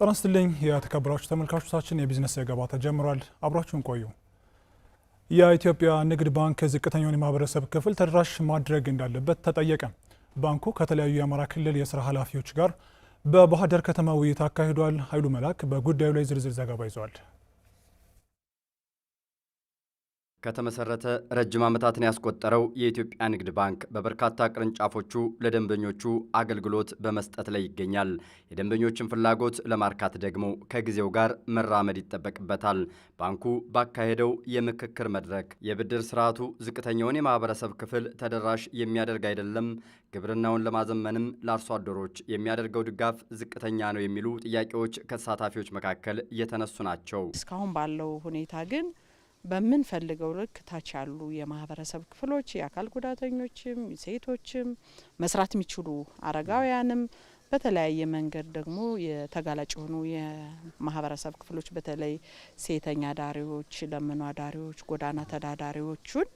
ጤና ይስጥልኝ የተከበራችሁ ተመልካቾቻችን፣ የቢዝነስ ዘገባ ተጀምሯል። አብራችሁን ቆዩ። የኢትዮጵያ ንግድ ባንክ ዝቅተኛውን የማህበረሰብ ክፍል ተደራሽ ማድረግ እንዳለበት ተጠየቀ። ባንኩ ከተለያዩ የአማራ ክልል የስራ ኃላፊዎች ጋር በባህር ዳር ከተማ ውይይት አካሂዷል። ኃይሉ መላክ በጉዳዩ ላይ ዝርዝር ዘገባ ይዟል። ከተመሰረተ ረጅም ዓመታትን ያስቆጠረው የኢትዮጵያ ንግድ ባንክ በበርካታ ቅርንጫፎቹ ለደንበኞቹ አገልግሎት በመስጠት ላይ ይገኛል። የደንበኞችን ፍላጎት ለማርካት ደግሞ ከጊዜው ጋር መራመድ ይጠበቅበታል። ባንኩ ባካሄደው የምክክር መድረክ የብድር ስርዓቱ ዝቅተኛውን የማህበረሰብ ክፍል ተደራሽ የሚያደርግ አይደለም፣ ግብርናውን ለማዘመንም ለአርሶ አደሮች የሚያደርገው ድጋፍ ዝቅተኛ ነው የሚሉ ጥያቄዎች ከተሳታፊዎች መካከል የተነሱ ናቸው። እስካሁን ባለው ሁኔታ ግን በምንፈልገው ልክ ታች ያሉ የማህበረሰብ ክፍሎች የአካል ጉዳተኞችም፣ ሴቶችም፣ መስራት የሚችሉ አረጋውያንም በተለያየ መንገድ ደግሞ የተጋላጭ የሆኑ የማህበረሰብ ክፍሎች በተለይ ሴተኛ ዳሪዎች፣ ለምኑ አዳሪዎች፣ ጎዳና ተዳዳሪዎቹን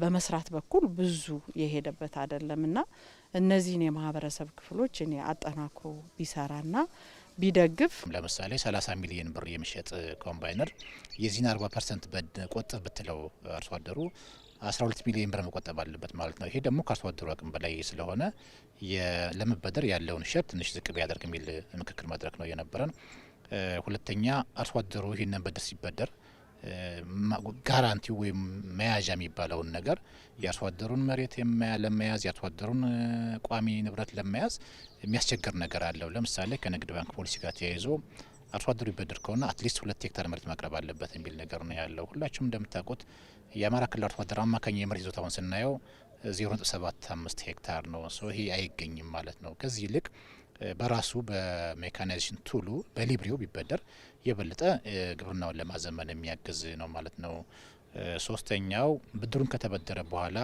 በመስራት በኩል ብዙ የሄደበት አይደለምና እነዚህን የማህበረሰብ ክፍሎች እኔ አጠናክሮ ቢሰራና ቢደግፍ ለምሳሌ 30 ሚሊዮን ብር የሚሸጥ ኮምባይነር የዚህን 40 ፐርሰንት ቆጥብ ብትለው አርሶ አደሩ 12 ሚሊዮን ብር መቆጠብ አለበት ማለት ነው። ይሄ ደግሞ ከአርሶ አደሩ አቅም በላይ ስለሆነ ለመበደር ያለውን ሸር ትንሽ ዝቅ ቢያደርግ የሚል ምክክር መድረክ ነው የነበረን። ሁለተኛ አርሶ አደሩ ይህንን በድር ሲበደር ጋራንቲው ወይም መያዣ የሚባለውን ነገር የአርሶአደሩን መሬት ለመያዝ የአርሶ አደሩን ቋሚ ንብረት ለመያዝ የሚያስቸግር ነገር አለው። ለምሳሌ ከንግድ ባንክ ፖሊሲ ጋር ተያይዞ አርሶአደሩ አደሩ ይበድር ከሆነ አትሊስት ሁለት ሄክታር መሬት ማቅረብ አለበት የሚል ነገር ነው ያለው። ሁላችሁም እንደምታውቁት የአማራ ክልል አርሶአደር አማካኝ የመሬት ይዞታውን ስናየው አምስት ሄክታር ነው። ይሄ አይገኝም ማለት ነው። ከዚህ ይልቅ በራሱ በሜካናይዜሽን ቱሉ በሊብሪው ቢበደር የበለጠ ግብርናውን ለማዘመን የሚያግዝ ነው ማለት ነው። ሶስተኛው ብድሩን ከተበደረ በኋላ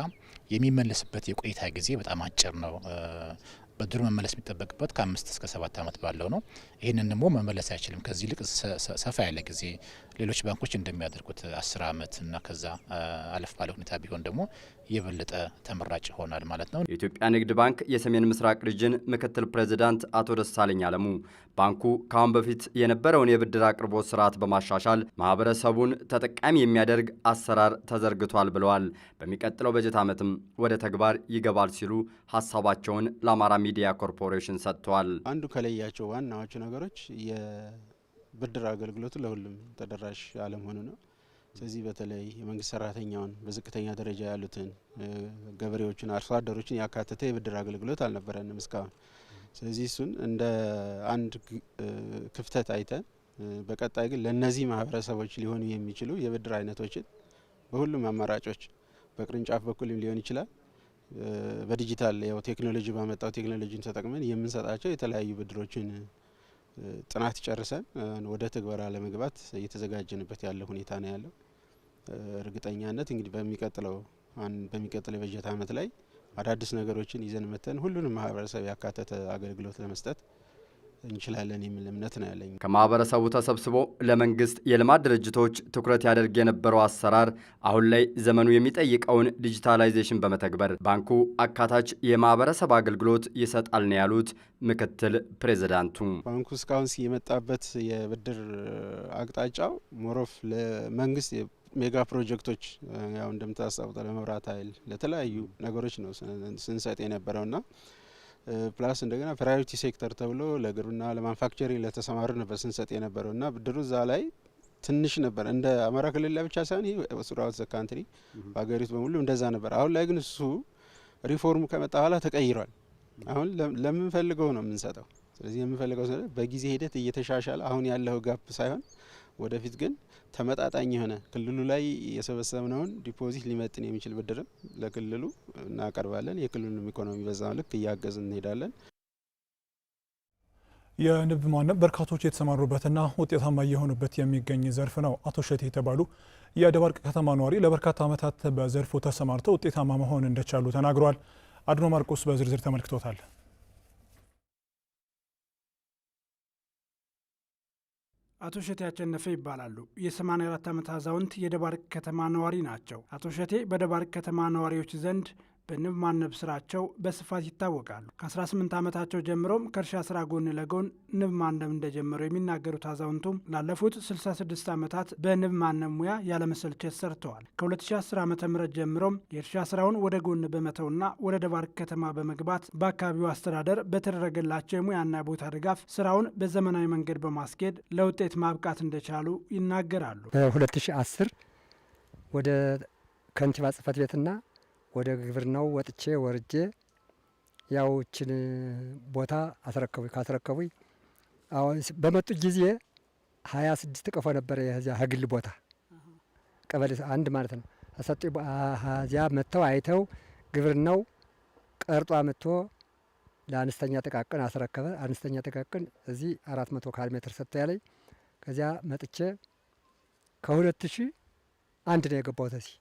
የሚመለስበት የቆይታ ጊዜ በጣም አጭር ነው። ብድሩ መመለስ የሚጠበቅበት ከአምስት እስከ ሰባት ዓመት ባለው ነው። ይህንን ደግሞ መመለስ አይችልም። ከዚህ ይልቅ ሰፋ ያለ ጊዜ ሌሎች ባንኮች እንደሚያደርጉት አስር ዓመት እና ከዛ አለፍ ባለ ሁኔታ ቢሆን ደግሞ የበለጠ ተመራጭ ይሆናል ማለት ነው። የኢትዮጵያ ንግድ ባንክ የሰሜን ምስራቅ ሪጅን ምክትል ፕሬዚዳንት አቶ ደሳለኝ አለሙ ባንኩ ከአሁን በፊት የነበረውን የብድር አቅርቦት ስርዓት በማሻሻል ማህበረሰቡን ተጠቃሚ የሚያደርግ አሰራር ተዘርግቷል ብለዋል። በሚቀጥለው በጀት ዓመትም ወደ ተግባር ይገባል ሲሉ ሀሳባቸውን ለአማራ ሚዲያ ኮርፖሬሽን ሰጥቷል። አንዱ ከለያቸው ዋናዎቹ ነገሮች የብድር አገልግሎቱ ለሁሉም ተደራሽ አለመሆኑ ነው። ስለዚህ በተለይ የመንግስት ሰራተኛውን በዝቅተኛ ደረጃ ያሉትን ገበሬዎችን፣ አርሶ አደሮችን ያካተተ የብድር አገልግሎት አልነበረንም እስካሁን። ስለዚህ እሱን እንደ አንድ ክፍተት አይተን በቀጣይ ግን ለእነዚህ ማህበረሰቦች ሊሆኑ የሚችሉ የብድር አይነቶችን በሁሉም አማራጮች በቅርንጫፍ በኩልም ሊሆን ይችላል በዲጂታል ያው ቴክኖሎጂ ባመጣው ቴክኖሎጂን ተጠቅመን የምንሰጣቸው የተለያዩ ብድሮችን ጥናት ጨርሰን ወደ ትግበራ ለመግባት እየተዘጋጀንበት ያለ ሁኔታ ነው ያለው። እርግጠኛነት እንግዲህ በሚቀጥለው በሚቀጥለው የበጀት ዓመት ላይ አዳዲስ ነገሮችን ይዘን መተን ሁሉንም ማህበረሰብ ያካተተ አገልግሎት ለመስጠት እንችላለን የሚል እምነት ነው ያለኝ። ከማህበረሰቡ ተሰብስቦ ለመንግስት የልማት ድርጅቶች ትኩረት ያደርግ የነበረው አሰራር አሁን ላይ ዘመኑ የሚጠይቀውን ዲጂታላይዜሽን በመተግበር ባንኩ አካታች የማህበረሰብ አገልግሎት ይሰጣል ነው ያሉት ምክትል ፕሬዚዳንቱ። ባንኩ እስካሁን የመጣበት የብድር አቅጣጫው ሞሮፍ ለመንግስት ሜጋ ፕሮጀክቶች ያው እንደምታስታውሰው ለመብራት ኃይል ለተለያዩ ነገሮች ነው ስንሰጥ የነበረውና ፕላስ እንደገና ፕራዮሪቲ ሴክተር ተብሎ ለግብርና ለማንፋክቸሪንግ ለተሰማሩ ነበር ስንሰጥ የነበረው እና ብድሩ እዛ ላይ ትንሽ ነበር። እንደ አማራ ክልል ላይ ብቻ ሳይሆን ይህ ስራት ዘ ካንትሪ በሀገሪቱ በሙሉ እንደዛ ነበር። አሁን ላይ ግን እሱ ሪፎርም ከመጣ በኋላ ተቀይሯል። አሁን ለምንፈልገው ነው የምንሰጠው። ስለዚህ የምንፈልገው በጊዜ ሂደት እየተሻሻለ አሁን ያለው ጋፕ ሳይሆን ወደፊት ግን ተመጣጣኝ የሆነ ክልሉ ላይ የሰበሰብነውን ዲፖዚት ሊመጥን የሚችል ብድርም ለክልሉ እናቀርባለን። የክልሉም ኢኮኖሚ በዛ ልክ እያገዝ እንሄዳለን። የንብ ማነብ በርካቶች የተሰማሩበትና ውጤታማ እየሆኑበት የሚገኝ ዘርፍ ነው። አቶ ሸቴ የተባሉ የደባርቅ ከተማ ነዋሪ ለበርካታ ዓመታት በዘርፉ ተሰማርተው ውጤታማ መሆን እንደቻሉ ተናግረዋል። አድኖ ማርቆስ በዝርዝር ተመልክቶታል። አቶ ሸቴ አቸነፈ ይባላሉ። የ84 ዓመት አዛውንት የደባርቅ ከተማ ነዋሪ ናቸው። አቶ ሸቴ በደባርቅ ከተማ ነዋሪዎች ዘንድ በንብ ማነብ ስራቸው በስፋት ይታወቃሉ። ከ18 ዓመታቸው ጀምሮም ከእርሻ ስራ ጎን ለጎን ንብ ማነብ እንደጀመሩ የሚናገሩት አዛውንቱም ላለፉት 66 ዓመታት በንብ ማነብ ሙያ ያለመሰልቸት ሰርተዋል። ከ2010 ዓ ም ጀምሮም የእርሻ ስራውን ወደ ጎን በመተውና ወደ ደባርቅ ከተማ በመግባት በአካባቢው አስተዳደር በተደረገላቸው የሙያና ቦታ ድጋፍ ስራውን በዘመናዊ መንገድ በማስኬድ ለውጤት ማብቃት እንደቻሉ ይናገራሉ። በ2010 ወደ ከንቲባ ጽህፈት ቤትና ወደ ግብርናው ወጥቼ ወርጄ ያዎችን ቦታ አስረከቡ ካስረከቡ አሁን በመጡ ጊዜ ሀያ ስድስት ቀፎ ነበረ የዚያ ህግል ቦታ ቀበሌ አንድ ማለት ነው። ሰጡ ዚያ መጥተው አይተው ግብርናው ቀርጧ መጥቶ ለአነስተኛ ጥቃቅን አስረከበ። አነስተኛ ጥቃቅን እዚህ አራት መቶ ካሬ ሜትር ሰጥቶ ያለኝ ከዚያ መጥቼ ከሁለት ሺህ አንድ ነው የገባሁት እዚህ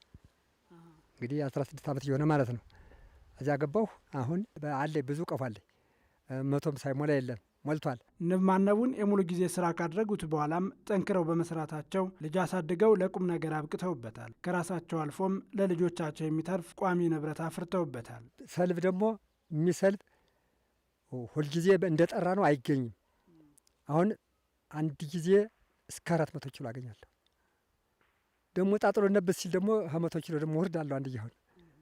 እንግዲህ 16 ዓመት እየሆነ ማለት ነው። እዚያ ገባሁ። አሁን አለ ብዙ ቀፎ አለ፣ መቶም ሳይሞላ የለም ሞልቷል። ንብ ማነቡን የሙሉ ጊዜ ስራ ካደረጉት በኋላም ጠንክረው በመስራታቸው ልጅ አሳድገው ለቁም ነገር አብቅተውበታል። ከራሳቸው አልፎም ለልጆቻቸው የሚተርፍ ቋሚ ንብረት አፍርተውበታል። ሰልፍ ደግሞ የሚሰልፍ ሁልጊዜ እንደጠራ ነው አይገኝም። አሁን አንድ ጊዜ እስከ አራት መቶ ኪሎ አገኛለሁ። ደግሞ ጣጥሎ ነብስ ሲል ደግሞ ከመቶ ኪሎ ደግሞ ወርዳለሁ አንድ ያሁን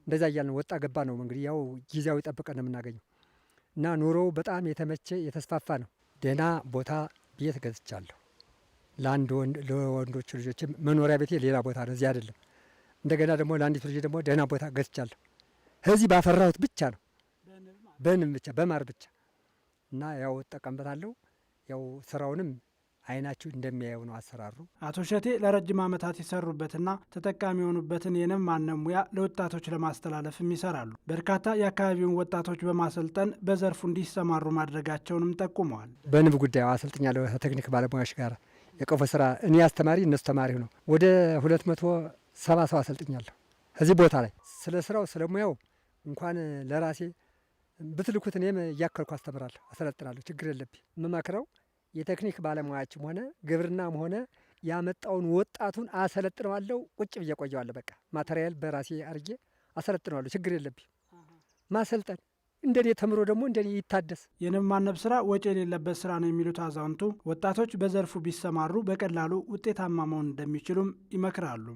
እንደዛ እያልን ወጣ ገባ ነው እንግዲህ ያው ጊዜያዊ ጠብቀን ነው የምናገኘው። እና ኑሮው በጣም የተመቸ የተስፋፋ ነው። ደህና ቦታ ቤት ገዝቻለሁ። ለአንድ ለወንዶች ልጆች መኖሪያ ቤቴ ሌላ ቦታ ነው፣ እዚህ አይደለም። እንደገና ደግሞ ለአንዲቱ ልጅ ደግሞ ደህና ቦታ ገዝቻለሁ። እዚህ ባፈራሁት ብቻ ነው በንም ብቻ በማር ብቻ እና ያው እጠቀምበታለሁ ያው ስራውንም አይናችሁ እንደሚያየው ነው አሰራሩ። አቶ ሸቴ ለረጅም ዓመታት የሰሩበትና ተጠቃሚ የሆኑበትን የንብ ማነብ ሙያ ለወጣቶች ለማስተላለፍም ይሰራሉ። በርካታ የአካባቢውን ወጣቶች በማሰልጠን በዘርፉ እንዲሰማሩ ማድረጋቸውንም ጠቁመዋል። በንብ ጉዳዩ አሰልጥኛለሁ ከቴክኒክ ባለሙያዎች ጋር የቀፎ ስራ እኔ አስተማሪ እነሱ ተማሪ ነው። ወደ ሁለት መቶ ሰባ ሰው አሰልጥኛለሁ እዚህ ቦታ ላይ ስለ ስራው ስለ ሙያው እንኳን ለራሴ ብትልኩት እኔም እያከልኩ አስተምራለሁ፣ አሰለጥናለሁ። ችግር የለብኝ የምመክረው የቴክኒክ ባለሙያችም ሆነ ግብርናም ሆነ ያመጣውን ወጣቱን አሰለጥነዋለሁ። ቁጭ ብዬ ቆየዋለሁ። በቃ ማቴሪያል በራሴ አርጌ አሰለጥነዋለሁ። ችግር የለብኝ ማሰልጠን እንደኔ ተምሮ ደግሞ እንደኔ ይታደስ። የንብ ማነብ ስራ ወጪ የሌለበት ስራ ነው የሚሉት አዛውንቱ፣ ወጣቶች በዘርፉ ቢሰማሩ በቀላሉ ውጤታማ መሆን እንደሚችሉም ይመክራሉ።